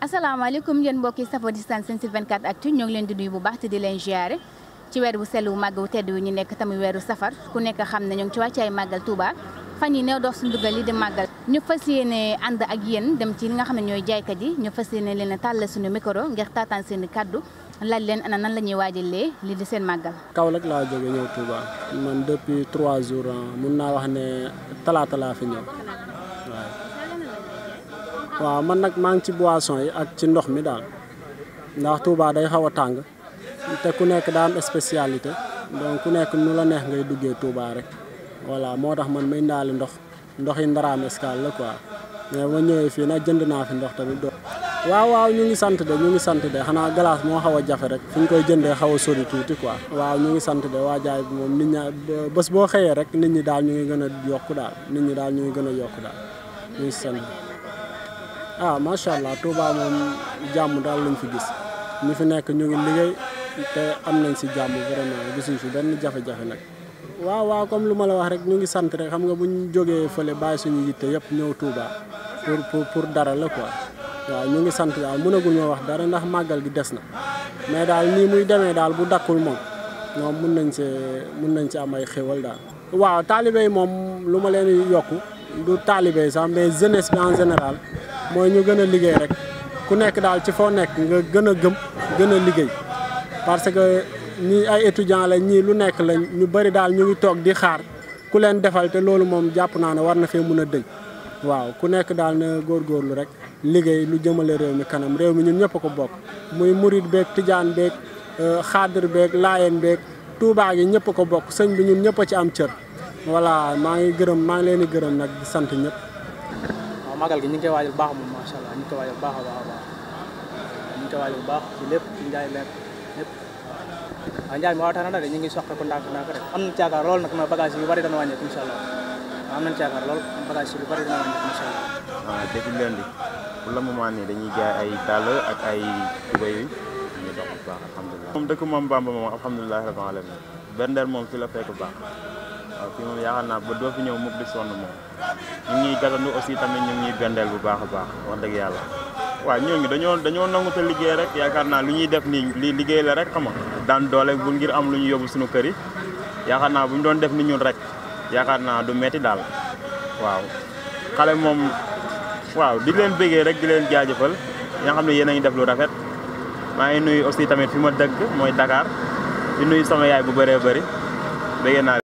asalaamaaleykum yéen mbokki safo di seen ci 24 actu ñoo ngi leen di nuyu bu baax te di leen ziare ci weer bu sell wu màgg wu tedd wi ñu nekk tamit weeru safar ku nekk xam ne ñoo ngi ci wàccaay màggal Touba fan yi néew dox su ndugal yi di màggal ñu fas yéene ànd ak yéen dem ci li nga xam ne ñooy jaaykat yi ñu fas yéene leen a tàllal suñu micro ngir taataan seen i kàddu lal leen ana nan la ñuy waajalee li di seen màggal Kaolack laa jóge ñëw Touba man depuis trois jours mun naa laa fi ñëw waaw man nag maa ngi ci boisson yi ak ci ndox mi daal ndax tuubaa day xaw a tàng te ku nekk daa am spécialité donc ku nekk nu la neex ngay duggee Touba rek voilà moo tax man may ndaali ndox ndox yi Ndaraam Escale la quoi mais ma ñëwee fii nag jënd naa fi ndox tamit do waaw waaw ñu ngi sant de ñu ngi sant de xanaa glace moo xaw a jafe rek fi ñu koy jëndee xaw a sori tuuti quoi waaw ñu ngi sant de waa jaay bi moom nit ña bës boo xëyee rek nit ñi daal ñu ngi gën a yokku daal nit ñi daal ñu ngi gën a yokku daal ñu ngi ah macha allah Touba moom jàmm daal lañ fi gis ñu fi nekk ñu ngi liggéey te am nañ si jàmm vraiment gisuñ fi benn jafe-jafe nag. waaw waaw comme lu ma la wax rek ñu ngi sant rek xam nga bu ñu jogee fële bàyyi suñu yitte yëpp ñëw Touba pour pour dara la quoi waaw ñu ngi sant waaw mënagul ñoo wax dara ndax màggal gi des na mais daal nii muy demee daal bu dakkul moom ñoom mun nañ see mun nañ si am ay xéwal daal. waaw taalibe moom lu ma leen yokk du taalibe yi sax général. mooy ñu gën a liggéey rek ku nekk daal ci foo nekk nga gën a gëm gën a liggéey parce que ñi ay étudiants la ñii lu nekk la ñu bari daal ñu ngi toog di xaar ku leen defal te loolu moom jàpp naa ne war na fee mun a dëñ waaw ku nekk daal na góorlu rek liggéey lu jëmale réew mi kanam réew mi ñun ñëpp ko bokk muy murit beeg tijaan beeg euh, xaadir beeg laayeen beeg tuubaa gi ñëpp ko bokk sëñ bi ñun ñëpp a ci am cër voilà maa ngi gërëm maa ngi leen di gërëm nag sant ñëpp màggal gi ñu ngi koy waajal baax moom macha allah ñu ngi koy waajal baax a baax a baax ñu baax ci lépp ci njaay lekk lépp waaw njaay mi waaw tax na nag ñu ngi soqe ko ndànk ndànk rek am nañ ci yaakaar lool nag ma bagage yu bari dana wàññeeku incha allah am na ci yaakaar lool bagage yu bari dana wàññeeku incha allah waaw depuis lundi pour le moment nii dañuy jaay ay dàll ak ay tubéy yu ñu dox bu baax alhamdulilah moom dëkk moom Bamba moom alhamdulilah moom fi la fekk baax waaw fii moom yaakaar naa ba doo fi ñëw mukk di sonn moom ñu ngi gasandu aussi tamit ñu ngi ñuy bendeel bu baax a baax wax dëgg yàlla waaw ñooñu dañoo dañoo nangu te liggéey rek yaakaar lu ñuy def nii li rek xam nga daan doole bu ngir am lu ñu yóbbu suñu kër yi yaakaar naa bu doon def ni ñun rek yaakaar naa du metti daal waaw xale moom waaw di leen béggee rek di leen jaajëfal nga xam ne yéen a ngi def lu rafet maa ngi nuy aussi tamit fi ma dëkk mooy Dakar di nuyu sama yaay bu bëree bëri naa